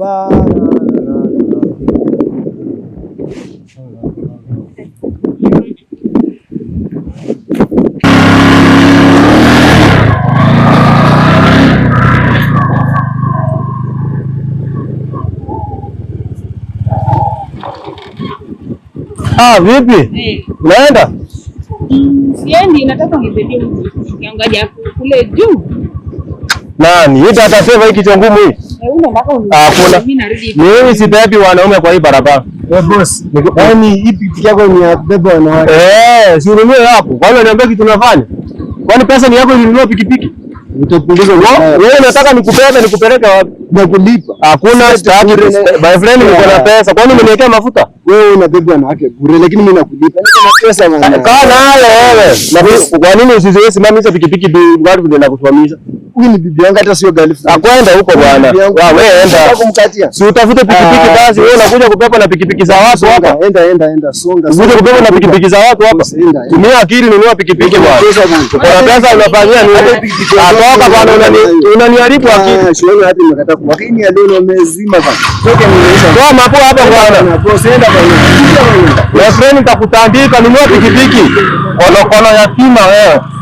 Ah, vipi? Eh. Unaenda? Siendi, nataka kule juu. Nani? Yeye atasema hiki cha ngumu hii mimi sibebe wanaume kwa hii barabara. Eh, yaani, eh, kwani unaniambia kitu nafanya? Kwani pesa ni yako ilinunua pikipiki? Wewe unataka nikubebe nikupeleke wapi? Na kulipa. Hakuna my friend, niko na pesa. Kwani umeniwekea mafuta? Wewe unabebwa na yake bure, lakini mimi nakulipa. Niko na pesa bwana. Kaa na wewe. Kwa nini usiziwe simamisha pikipiki gari vile nakusimamisha? ni bibi yangu, hata sio girlfriend. Akwenda huko bwana, wewe enda kumkatia, si utafute pikipiki ah. basi. Wewe unakuja kubeba na pikipiki za watu hapa. Enda enda enda, songa, unakuja kubeba na pikipiki za watu hapa. Tumia akili, nunua pikipiki bwana. Pesa Kwa pesa unafanyia nini? Atoka ah, bwana, unani unaniharibu ah, akili. Shule hadi nimekataa kwa kini ya leo umezima bwana. Toka nimeisha. Toa mapo hapa bwana. Prosenda bwana. Na friend nitakutandika, nunua pikipiki. Konokono yatima wewe.